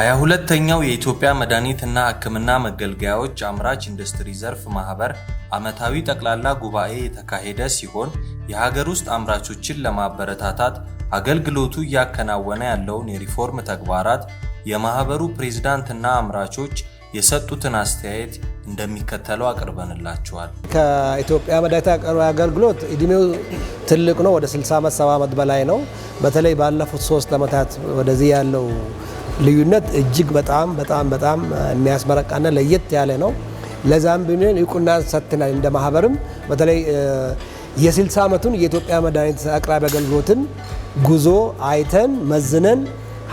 ሀያ ሁለተኛው የኢትዮጵያ መድኃኒትና ሕክምና መገልገያዎች አምራች ኢንዱስትሪ ዘርፍ ማህበር ዓመታዊ ጠቅላላ ጉባኤ የተካሄደ ሲሆን የሀገር ውስጥ አምራቾችን ለማበረታታት አገልግሎቱ እያከናወነ ያለውን የሪፎርም ተግባራት የማህበሩ ፕሬዝዳንትና አምራቾች የሰጡትን አስተያየት እንደሚከተለው አቅርበንላቸዋል። ከኢትዮጵያ መድኃኒት አገልግሎት እድሜው ትልቅ ነው። ወደ 60 ዓመት 70 ዓመት በላይ ነው። በተለይ ባለፉት ሶስት ዓመታት ወደዚህ ያለው ልዩነት እጅግ በጣም በጣም በጣም የሚያስመረቃና ለየት ያለ ነው። ለዛም ብንን እውቅና ሰጥተናል። እንደ ማህበርም በተለይ የ60 ዓመቱን የኢትዮጵያ መድኃኒት አቅራቢ አገልግሎትን ጉዞ አይተን መዝነን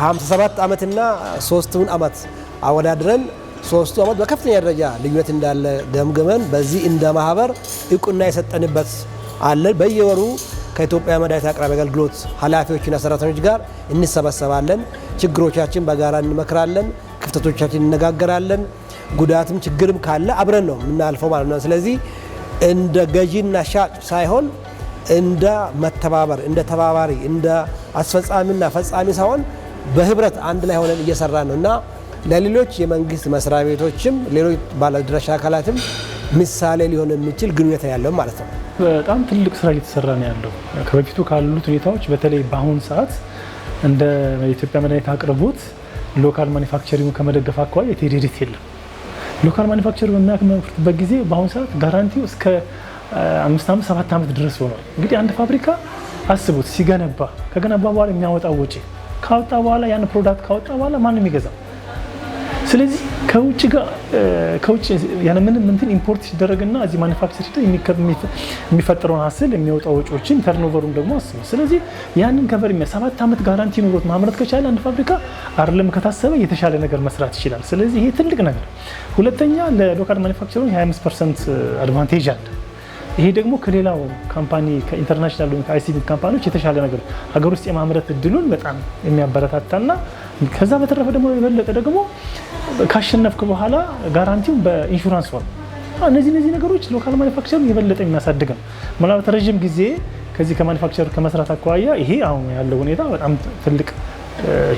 57 ዓመትና ሶስቱን ዓመት አወዳድረን ሶስቱ ዓመት በከፍተኛ ደረጃ ልዩነት እንዳለ ገምግመን በዚህ እንደ ማህበር እውቅና የሰጠንበት አለ። በየወሩ ከኢትዮጵያ መድኃኒት አቅራቢ አገልግሎት ኃላፊዎችና ሰራተኞች ጋር እንሰበሰባለን። ችግሮቻችን በጋራ እንመክራለን፣ ክፍተቶቻችን እንነጋገራለን። ጉዳትም ችግርም ካለ አብረን ነው የምናልፈው ማለት ነው። ስለዚህ እንደ ገዢና ሻጭ ሳይሆን እንደ መተባበር፣ እንደ ተባባሪ፣ እንደ አስፈጻሚና ፈጻሚ ሳይሆን በህብረት አንድ ላይ ሆነን እየሰራ ነው እና ለሌሎች የመንግስት መስሪያ ቤቶችም ሌሎች ባለድርሻ አካላትም ምሳሌ ሊሆን የሚችል ግንኙነት ያለው ማለት ነው። በጣም ትልቅ ስራ እየተሰራ ነው ያለው ከበፊቱ ካሉት ሁኔታዎች በተለይ በአሁኑ ሰዓት እንደ ኢትዮጵያ መድኃኒት አቅርቦት ሎካል ማኒፋክቸሪንግ ከመደገፍ አኳያ የቴዲሪት የለም። ሎካል ማኒፋክቸር በሚያመርትበት ጊዜ በአሁኑ ሰዓት ጋራንቲው እስከ አምስት ዓመት ሰባት ዓመት ድረስ ሆኗል። እንግዲህ አንድ ፋብሪካ አስቡት ሲገነባ ከገነባ በኋላ የሚያወጣ ወጪ ካወጣ በኋላ ያን ፕሮዳክት ካወጣ በኋላ ማንም ይገዛል ስለዚህ ከውጭ ጋር ከውጭ ያለምንም እንትን ኢምፖርት ሲደረግና እዚህ ማኒፋክቸር የሚፈጠረውን ሀስል የሚወጣው ወጪዎችን ተርኖቨሩን ደግሞ አስበው። ስለዚህ ያንን ከቨር የሚያ ሰባት ዓመት ጋራንቲ ኖሮት ማምረት ከቻለ አንድ ፋብሪካ አርለም ከታሰበ የተሻለ ነገር መስራት ይችላል። ስለዚህ ይሄ ትልቅ ነገር። ሁለተኛ ለሎካል ማኒፋክቸሪንግ 25 ፐርሰንት አድቫንቴጅ አለ። ይሄ ደግሞ ከሌላው ካምፓኒ ከኢንተርናሽናል ወይም ከአይሲቪ ካምፓኒዎች የተሻለ ነገር ሀገር ውስጥ የማምረት እድሉን በጣም የሚያበረታታና ከዛ በተረፈ ደግሞ የበለጠ ደግሞ ካሸነፍክ በኋላ ጋራንቲው በኢንሹራንስ ሆነ። እነዚህ እነዚህ ነገሮች ሎካል ማኒፋክቸሩ የበለጠ የሚያሳድግ ነው። ምናልባት ረዥም ጊዜ ከዚህ ከማኒፋክቸር ከመስራት አኳያ ይሄ አሁን ያለው ሁኔታ በጣም ትልቅ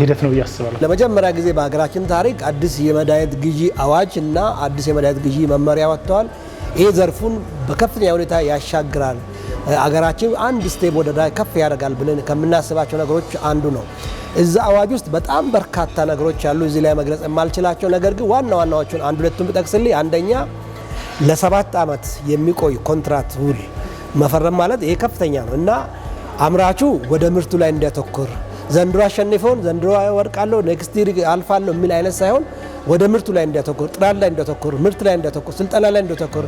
ሂደት ነው ብዬ አስባለሁ። ለመጀመሪያ ጊዜ በሀገራችን ታሪክ አዲስ የመድኃኒት ግዢ አዋጅ እና አዲስ የመድኃኒት ግዢ መመሪያ ወጥተዋል። ይሄ ዘርፉን በከፍተኛ ሁኔታ ያሻግራል፣ አገራችን አንድ ስቴፕ ወደ ላይ ከፍ ያደርጋል ብለን ከምናስባቸው ነገሮች አንዱ ነው። እዛ አዋጅ ውስጥ በጣም በርካታ ነገሮች አሉ እዚህ ላይ መግለጽ የማልችላቸው። ነገር ግን ዋና ዋናዎቹን አንድ ሁለቱን ብጠቅስልኝ፣ አንደኛ ለሰባት ዓመት የሚቆይ ኮንትራት ውል መፈረም ማለት ይሄ ከፍተኛ ነው እና አምራቹ ወደ ምርቱ ላይ እንዲያተኩር ዘንድሮ አሸንፈውን ዘንድሮ ወድቃለሁ ኔክስት ይር አልፋለሁ የሚል አይነት ሳይሆን ወደ ምርቱ ላይ እንዲያተኩር፣ ጥራት ላይ እንዲያተኩር፣ ምርት ላይ እንዲያተኩር፣ ስልጠና ላይ እንዲያተኩር፣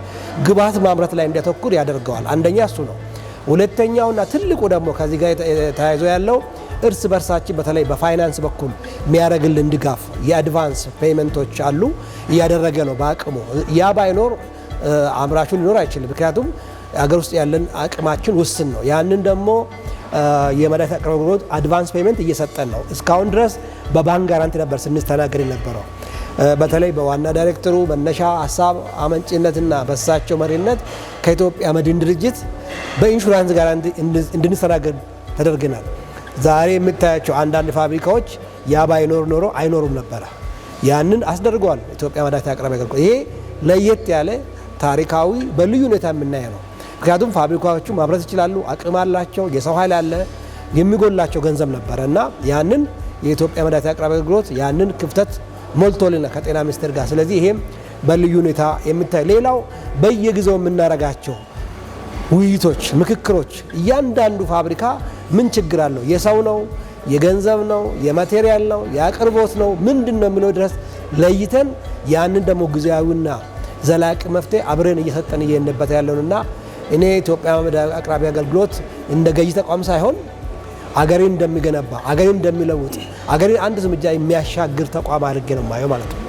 ግብዓት ማምረት ላይ እንዲያተኩር ያደርገዋል። አንደኛ እሱ ነው። ሁለተኛውና ትልቁ ደግሞ ከዚህ ጋር ተያይዞ ያለው እርስ በርሳችን በተለይ በፋይናንስ በኩል የሚያደርግልን ድጋፍ የአድቫንስ ፔይመንቶች አሉ እያደረገ ነው በአቅሙ። ያ ባይኖር አምራቹ ሊኖር አይችልም። ምክንያቱም አገር ውስጥ ያለን አቅማችን ውስን ነው። ያንን ደግሞ የመድኃኒት አቅርቦት አድቫንስ ፔይመንት እየሰጠን ነው። እስካሁን ድረስ በባንክ ጋራንቲ ነበር ስንስተናገድ የነበረው። በተለይ በዋና ዳይሬክተሩ መነሻ ሀሳብ አመንጭነትና በሳቸው መሪነት ከኢትዮጵያ መድን ድርጅት በኢንሹራንስ ጋራንቲ እንድንስተናገድ ተደርገናል። ዛሬ የምታያቸው አንዳንድ ፋብሪካዎች ያ ባይኖር ኖሮ አይኖሩም ነበረ። ያንን አስደርገዋል ኢትዮጵያ መድኃኒት አቅራቢ አገር። ይሄ ለየት ያለ ታሪካዊ በልዩ ሁኔታ የምናየ ነው። ምክንያቱም ፋብሪካዎቹ ማምረት ይችላሉ፣ አቅም አላቸው፣ የሰው ኃይል አለ። የሚጎላቸው ገንዘብ ነበረ እና ያንን የኢትዮጵያ መድኃኒት አቅራቢ አገልግሎት ያንን ክፍተት ሞልቶልና ከጤና ሚኒስቴር ጋር ስለዚህ ይሄም በልዩ ሁኔታ የምታይ ሌላው በየጊዜው የምናረጋቸው ውይይቶች፣ ምክክሮች። እያንዳንዱ ፋብሪካ ምን ችግር አለው? የሰው ነው? የገንዘብ ነው? የማቴሪያል ነው? የአቅርቦት ነው? ምንድን ነው የሚለው ድረስ ለይተን ያንን ደግሞ ጊዜያዊና ዘላቂ መፍትሄ አብረን እየሰጠን እየሄንበት ያለውንና እኔ ኢትዮጵያ አቅራቢ አገልግሎት እንደ ገዢ ተቋም ሳይሆን አገሬን እንደሚገነባ አገሬን እንደሚለውጥ አገሬን አንድ እርምጃ የሚያሻግር ተቋም አድርጌ ነው የማየው ማለት ነው።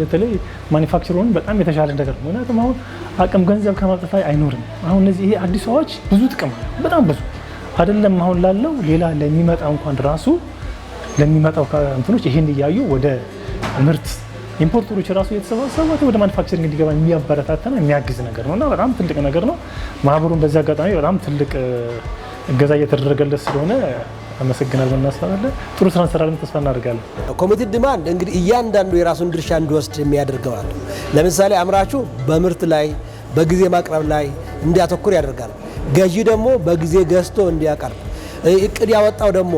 በተለይ ማኒፋክቸሩን በጣም የተሻለ ነገር ነው። ምክንያቱም አሁን አቅም ገንዘብ ከማምጣት ላይ አይኖርም። አሁን እነዚህ ይሄ አዲስ አዋጅ ብዙ ጥቅም በጣም ብዙ አይደለም አሁን ላለው ሌላ ለሚመጣ እንኳን ራሱ ለሚመጣው እንትኖች ይሄን እያዩ ወደ ምርት ኢምፖርተሮች ራሱ የተሰባሰቡት ወደ ማኒፋክቸሪንግ እንዲገባ የሚያበረታታና የሚያግዝ ነገር ነው እና በጣም ትልቅ ነገር ነው። ማህበሩን በዚህ አጋጣሚ በጣም ትልቅ እገዛ እየተደረገለት ስለሆነ አመሰግናል እናስባለን። ጥሩ ስራ እንሰራለን፣ ተስፋ እናደርጋለን። ኮሚቴ ዲማንድ እንግዲህ እያንዳንዱ የራሱን ድርሻ እንዲወስድ የሚያደርገዋል። ለምሳሌ አምራቹ በምርት ላይ በጊዜ ማቅረብ ላይ እንዲያተኩር ያደርጋል። ገዢ ደግሞ በጊዜ ገዝቶ እንዲያቀርብ እቅድ ያወጣው ደግሞ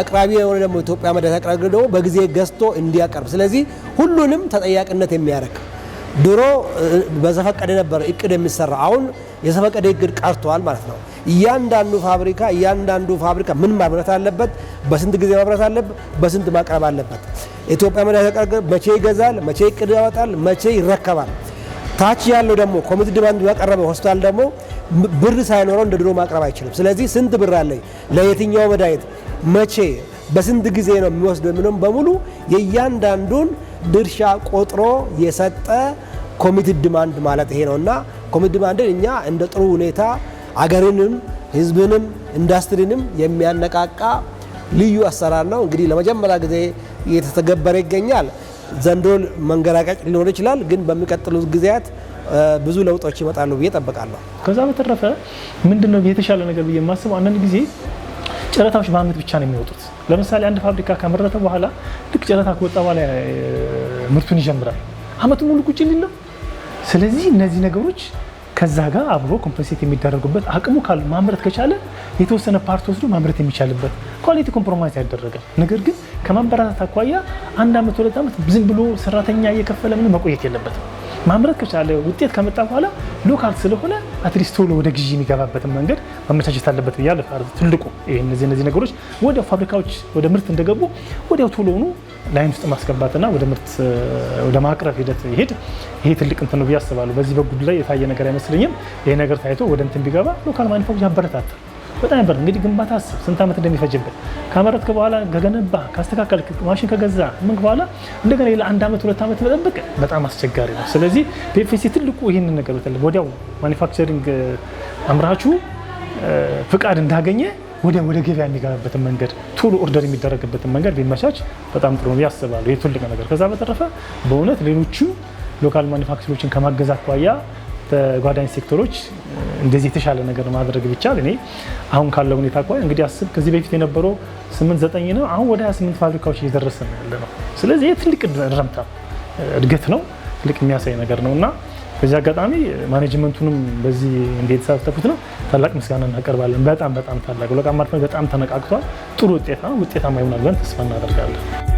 አቅራቢ የሆነ ደግሞ ኢትዮጵያ መድኃኒት አቅራቢ ደግሞ በጊዜ ገዝቶ እንዲያቀርብ፣ ስለዚህ ሁሉንም ተጠያቂነት የሚያደርግ ድሮ በዘፈቀደ ነበር እቅድ የሚሰራ አሁን የዘፈቀደ እቅድ ቀርተዋል ማለት ነው። እያንዳንዱ ፋብሪካ እያንዳንዱ ፋብሪካ ምን ማምረት አለበት፣ በስንት ጊዜ ማምረት አለበት፣ በስንት ማቅረብ አለበት፣ ኢትዮጵያ ምን ያተቀርገ መቼ ይገዛል፣ መቼ እቅድ ያወጣል፣ መቼ ይረከባል። ታች ያለው ደግሞ ኮሚቴ ዲማንድ ያቀረበ ሆስፒታል ደግሞ ብር ሳይኖረው እንደ ድሮ ማቅረብ አይችልም። ስለዚህ ስንት ብር አለ ለየትኛው መድኃኒት መቼ በስንት ጊዜ ነው የሚወስደው የሚለውም በሙሉ የእያንዳንዱን ድርሻ ቆጥሮ የሰጠ ኮሚትድ ዲማንድ ማለት ይሄ ነው እና ኮሚትድ ዲማንድን እኛ እንደ ጥሩ ሁኔታ አገርንም ህዝብንም ኢንዱስትሪንም የሚያነቃቃ ልዩ አሰራር ነው። እንግዲህ ለመጀመሪያ ጊዜ እየተተገበረ ይገኛል። ዘንድሮ መንገራቀጭ ሊኖር ይችላል፣ ግን በሚቀጥሉት ጊዜያት ብዙ ለውጦች ይመጣሉ ብዬ ጠብቃለሁ። ከዛ በተረፈ ምንድን ነው የተሻለ ነገር ብዬ የማስበው አንዳንድ ጊዜ ጨረታዎች በአመት ብቻ ነው የሚወጡት። ለምሳሌ አንድ ፋብሪካ ከመረተ በኋላ ልክ ጨረታ ከወጣ በኋላ ምርቱን ይጀምራል። አመቱን ሙሉ ቁጭ ሊል ነው። ስለዚህ እነዚህ ነገሮች ከዛ ጋር አብሮ ኮምፐንሴት የሚደረጉበት አቅሙ ካሉ ማምረት ከቻለ የተወሰነ ፓርት ወስዶ ማምረት የሚቻልበት ኳሊቲ ኮምፕሮማይዝ ያደረገል ነገር ግን ከማበረታት አኳያ አንድ አመት ሁለት አመት ዝም ብሎ ሰራተኛ እየከፈለ ምን መቆየት የለበትም። ማምረት ከቻለ ውጤት ከመጣ በኋላ ሎካል ስለሆነ አትሊስት ቶሎ ወደ ግዢ የሚገባበትን መንገድ መመቻቸት አለበት ብያ ለፋርዝ ትልቁ እነዚህ እነዚህ ነገሮች ወደ ፋብሪካዎች ወደ ምርት እንደገቡ ወዲያው ቶሎ ሆኑ ላይን ውስጥ ማስገባትና ወደ ምርት ወደ ማቅረብ ሂደት ይሄድ ይሄ ትልቅ እንትን ነው ብዬ አስባለሁ። በዚህ በጉድ ላይ የታየ ነገር አይመስለኝም። ይሄ ነገር ታይቶ ወደ እንትን ቢገባ ሎካል ማኒፋክቸር ያበረታታል። በጣም ነበር እንግዲህ ግንባታ አስብ ስንት ዓመት እንደሚፈጅብን ካመረትክ በኋላ ከገነባ ካስተካከልክ ማሽን ከገዛ ምን በኋላ እንደገና ሌላ አንድ ዓመት ሁለት ዓመት መጠበቅ በጣም አስቸጋሪ ነው። ስለዚህ ፒኤፍሲ ትልቁ ይህንን ነገር በተለይ ወዲያው ማኒፋክቸሪንግ አምራቹ ፍቃድ እንዳገኘ ወዲያ ወደ ገበያ የሚገባበትን መንገድ ቶሎ ኦርደር የሚደረግበትን መንገድ ቢመቻች በጣም ጥሩ ነው ያስባሉ። ይህ ትልቅ ነገር። ከዛ በተረፈ በእውነት ሌሎቹ ሎካል ማኒፋክቸሮችን ከማገዝ አኳያ በተጓዳኝ ሴክተሮች እንደዚህ የተሻለ ነገር ማድረግ ቢቻል እኔ አሁን ካለው ሁኔታ ኳ እንግዲህ አስብ ከዚህ በፊት የነበረው ስምንት ዘጠኝ ነው። አሁን ወደ 28 ፋብሪካዎች እየደረሰ ነው ያለ ነው። ስለዚህ ይህ ትልቅ ረምታ እድገት ነው፣ ትልቅ የሚያሳይ ነገር ነው እና በዚህ አጋጣሚ ማኔጅመንቱንም በዚህ እንዴት የተሳተፉት ነው ታላቅ ምስጋና እናቀርባለን። በጣም በጣም ታላቅ ለቃ በጣም ተነቃቅቷል። ጥሩ ውጤታ ውጤታማ ይሆናል ብለን ተስፋ እናደርጋለን።